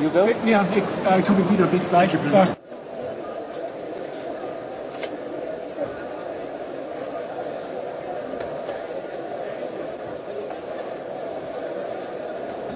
You go? Ja, ich, komme wieder bis gleich.